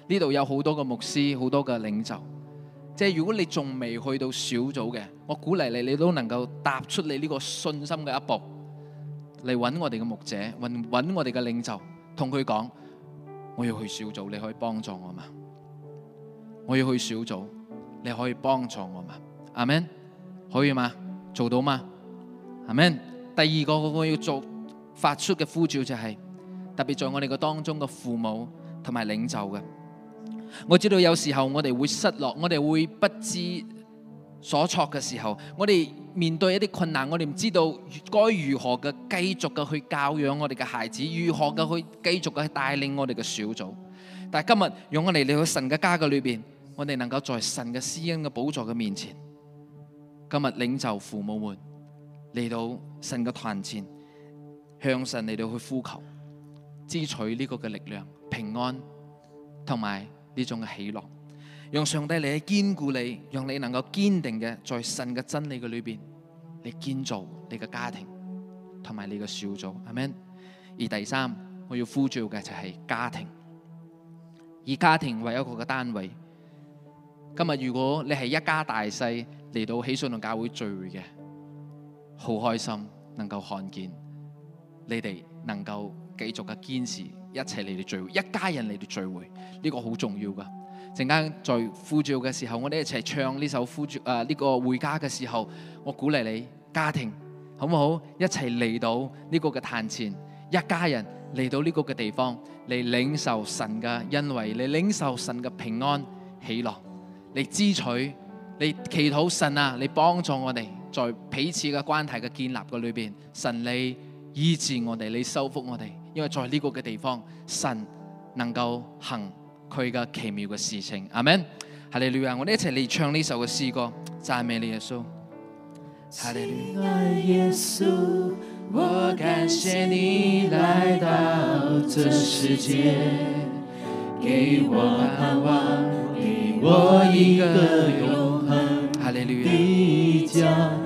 呢度有好多嘅牧師，好多嘅領袖。即係如果你仲未去到小組嘅，我鼓勵你，你都能夠踏出你呢個信心嘅一步，嚟揾我哋嘅牧者，揾揾我哋嘅領袖，同佢講，我要去小組，你可以幫助我嘛？我要去小組，你可以幫助我嘛？阿門，可以嘛？做到嘛？阿門？第二個我要做發出嘅呼召就係、是，特別在我哋個當中嘅父母同埋領袖嘅，我知道有時候我哋會失落，我哋會不知所措嘅時候，我哋面對一啲困難，我哋唔知道該如何嘅繼續嘅去教養我哋嘅孩子，如何嘅去繼續嘅帶領我哋嘅小組。但係今日，用我哋嚟到神嘅家嘅裏邊，我哋能夠在神嘅施恩嘅寶座嘅面前，今日領袖父母們。嚟到神嘅壇前，向神嚟到去呼求，支取呢個嘅力量、平安同埋呢種嘅喜樂，讓上帝嚟去堅固你，讓你能夠堅定嘅在神嘅真理嘅裏邊，你建造你嘅家庭同埋你嘅小組，阿門。而第三，我要呼召嘅就係家庭，以家庭為一個嘅單位。今日如果你係一家大細嚟到喜信同教會聚會嘅。好開心能夠看見你哋能夠繼續嘅堅持，一齊嚟到聚會，一家人嚟到聚會呢個好重要噶。陣間在呼召嘅時候，我哋一齊唱呢首呼召，誒、呃、呢個回家嘅時候，我鼓勵你家庭好唔好？一齊嚟到呢個嘅壇前，一家人嚟到呢個嘅地方嚟領受神嘅恩惠，嚟領受神嘅平安喜樂，嚟支取，嚟祈禱神啊嚟幫助我哋。在彼此嘅關係嘅建立嘅裏邊，神你醫治我哋，你修復我哋，因為在呢個嘅地方，神能夠行佢嘅奇妙嘅事情，阿門，係咪？哈利路亞！我哋一齊嚟唱呢首嘅詩歌，讚美你耶穌。哈利路亞！哈利路亞！哈利路亞！哈利路亞！哈利路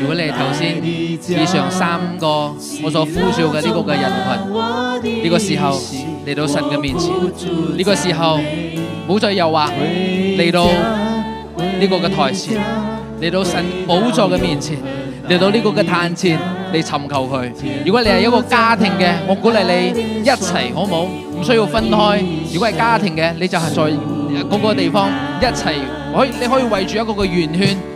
如果你係頭先以上三個我所呼召嘅呢個嘅人群，呢、這個時候嚟到神嘅面前，呢、這個時候冇再誘惑，嚟到呢個嘅台前，嚟到神寶座嘅面前，嚟到呢個嘅壇前嚟尋求佢。如果你係一個家庭嘅，我鼓勵你一齊好不好？唔需要分開。如果係家庭嘅，你就係在嗰個地方一齊，你可以圍住一個個圓圈。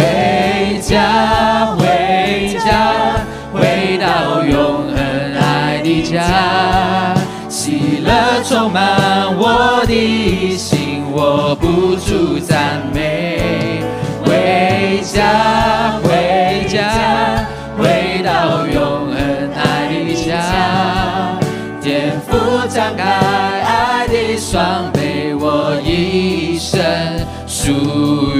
回家，回家，回到永恆愛的家。喜樂充滿我的心，我不住讚美。回家，回家，回到永恆愛的家。天父張開愛的雙臂，我一生屬於。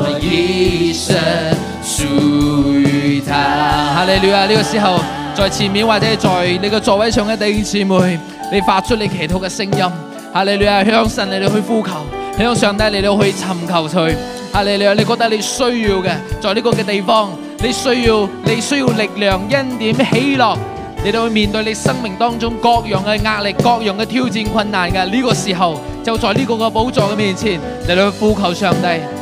我一生屬於他。哈利路亞！哈利路亞！呢個時候，在前面或者在你個座位上嘅弟兄姊妹，你發出你祈禱嘅聲音。哈利路亞！向神，你哋去呼求，向上帝，你哋去尋求佢。哈利路亞！你覺得你需要嘅，在呢個嘅地方，你需要，你需要力量、恩典、喜樂，你哋去面對你生命當中各樣嘅壓力、各樣嘅挑戰、困難嘅。呢、這個時候，就在呢個個寶座嘅面前，你哋去呼求上帝。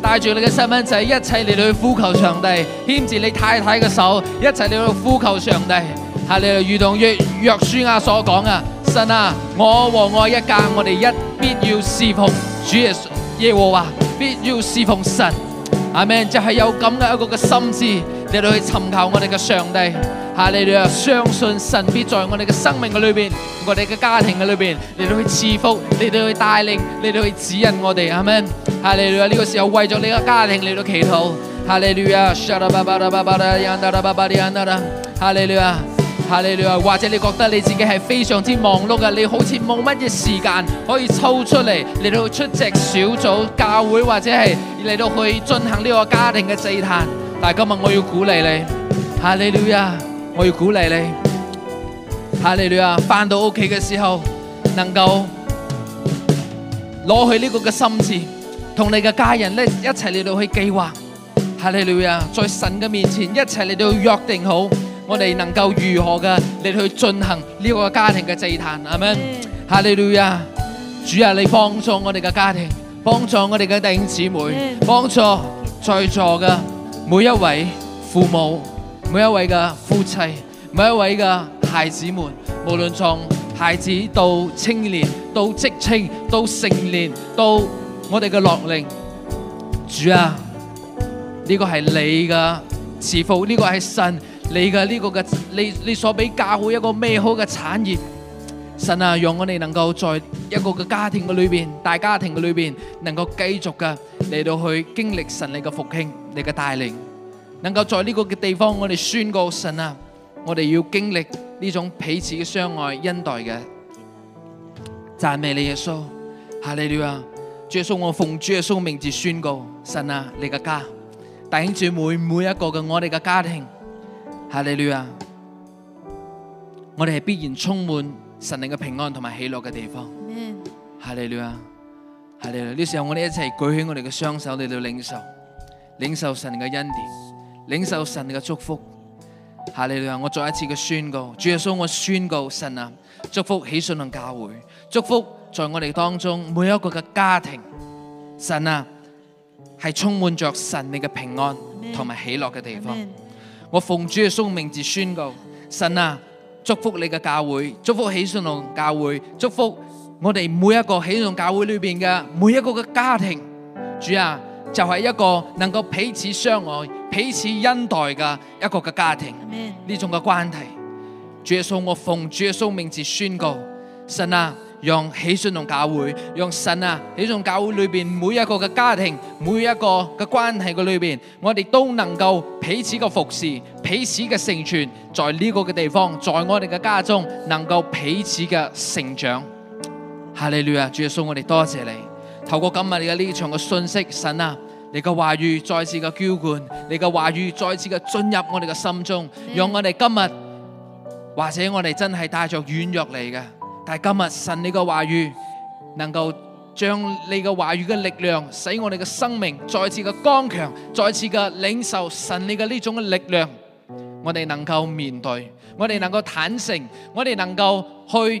帶住你嘅細蚊仔，一齊嚟到呼求上帝，牽住你太太嘅手，一齊嚟到呼求上帝。下你就如同約約書亞、啊、所講啊，神啊，我和我一家，我哋一必要侍奉主耶耶和華，必要侍奉神。阿門。就係、是、有咁嘅一個嘅心智。你哋去尋求我哋嘅上帝，哈利路亞，相信神必在我哋嘅生命嘅裏邊，我哋嘅家庭嘅裏邊，你哋去賜福，你哋去帶領，你哋去指引我哋，係咪？哈利路亞，呢個時候為咗你嘅家庭嚟到祈禱，哈利路亞，哈利路亞，哈利路亞，或者你覺得你自己係非常之忙碌嘅，你好似冇乜嘢時間可以抽出嚟嚟到去出席小組教會或者係嚟到去進行呢個家庭嘅祭壇。但係今日我要鼓勵你，哈利路亞，我要鼓勵你，哈利路亞，翻到屋企嘅時候，能夠攞起呢個嘅心思，同你嘅家人咧一齊嚟到去計劃，哈利路亞，在神嘅面前一齊嚟到去約定好，我哋能夠如何嘅嚟去進行呢個家庭嘅祭壇，係咪？哈利路亞，主啊，你幫助我哋嘅家庭，幫助我哋嘅弟兄姊妹，幫助在座嘅。每一位父母，每一位嘅夫妻，每一位嘅孩子們，無論從孩子到青年，到職稱，到成年，到我哋嘅樂齡，主啊，呢個係你嘅慈父，呢個係神你嘅呢個嘅你你所俾教會一個美好嘅產業，神啊，讓我哋能夠在一個嘅家庭嘅裏邊，大家庭嘅裏邊，能夠繼續嘅，嚟到去經歷神你嘅復興，你嘅帶領，能夠在呢個嘅地方，我哋宣告神啊！我哋要經歷呢種彼此嘅相愛恩待嘅，讚美你耶穌！哈利路亞！主耶穌，我奉主耶穌名字宣告神啊！你嘅家，弟兄姊妹每一個嘅我哋嘅家庭，哈利路亞！我哋係必然充滿神你嘅平安同埋喜樂嘅地方。哈利路亞！哈利路，呢時候我哋一齊舉起我哋嘅雙手嚟到領受，領受神嘅恩典，領受神嘅祝福。下嚟，我再一次嘅宣告，主耶穌，我宣告神啊，祝福喜信同教會，祝福在我哋當中每一個嘅家庭，神啊，係充滿着神你嘅平安同埋喜樂嘅地方。我奉主耶穌名字宣告，神啊，祝福你嘅教會，祝福喜信同教會，祝福。我哋每一個喜信教會裏邊嘅每一個嘅家庭，主啊，就係、是、一個能夠彼此相愛、彼此恩待嘅一個嘅家庭，呢種嘅關係。主耶穌，我奉主耶穌聖名字宣告，神啊，讓喜信同教會，讓神啊，喜信教會裏邊每一個嘅家庭，每一個嘅關係嘅裏邊，我哋都能夠彼此嘅服侍，彼此嘅成全，在呢個嘅地方，在我哋嘅家中，能夠彼此嘅成長。哈利路亞，主耶穌，我哋多謝你。透過今日你嘅呢場嘅信息，神啊，你嘅話語再次嘅澆灌，你嘅話語再次嘅進入我哋嘅心中，讓我哋今日或者我哋真係帶着軟弱嚟嘅，但係今日神你嘅話語能夠將你嘅話語嘅力量，使我哋嘅生命再次嘅剛強，再次嘅領受神你嘅呢種嘅力量，我哋能夠面對，我哋能夠坦誠，我哋能夠去。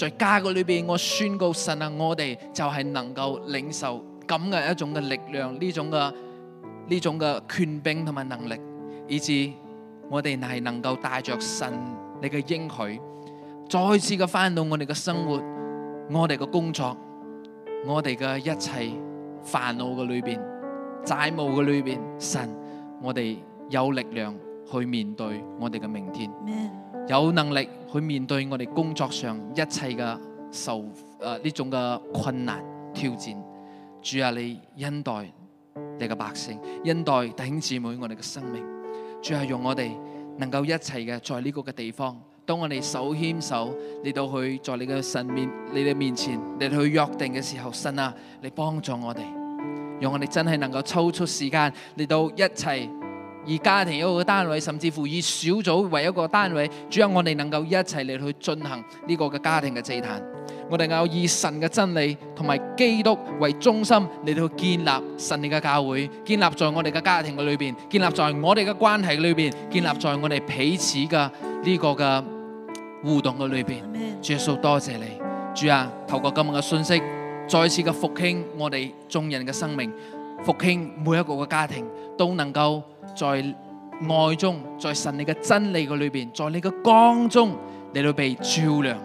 在家嘅裏邊，我宣告神啊，我哋就係能夠領受咁嘅一種嘅力量，呢種嘅呢種嘅權柄同埋能力，以致我哋係能夠帶着神你嘅應許，再次嘅返到我哋嘅生活，我哋嘅工作，我哋嘅一切煩惱嘅裏邊，債務嘅裏邊，神，我哋有力量去面對我哋嘅明天。有能力去面對我哋工作上一切嘅受誒呢種嘅困難挑戰，主啊，你恩待你嘅百姓，恩待弟兄姊妹，我哋嘅生命，主啊，用我哋能夠一齊嘅在呢個嘅地方，當我哋手牽手嚟到去在你嘅神面你嘅面前嚟到去約定嘅時候，神啊，你幫助我哋，讓我哋真係能夠抽出時間嚟到一齊。以家庭一個單位，甚至乎以小組為一個單位，主啊，我哋能夠一齊嚟去進行呢個嘅家庭嘅祭壇。我哋要以神嘅真理同埋基督為中心嚟到建立神嘅教會，建立在我哋嘅家庭嘅裏邊，建立在我哋嘅關係裏邊，建立在我哋彼此嘅呢個嘅互動嘅裏邊。主耶穌，多謝你，主啊，透過今日嘅信息，再次嘅復興我哋眾人嘅生命，復興每一個嘅家庭都能夠。在愛中，在神你嘅真理嘅裏邊，在你嘅光中，你都被照亮，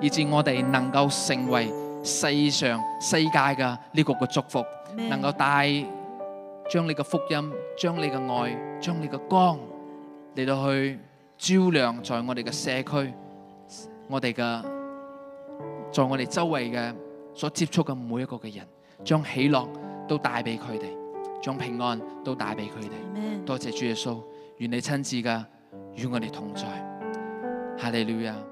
以致我哋能夠成為世上世界嘅呢個嘅祝福，能夠帶將你嘅福音、將你嘅愛、將你嘅光嚟到去照亮在我哋嘅社區、我哋嘅、在我哋周圍嘅所接觸嘅每一個嘅人，將喜樂都帶俾佢哋。將平安都帶俾佢哋，多謝主耶穌，願你親自嘅與我哋同在，哈利路亞。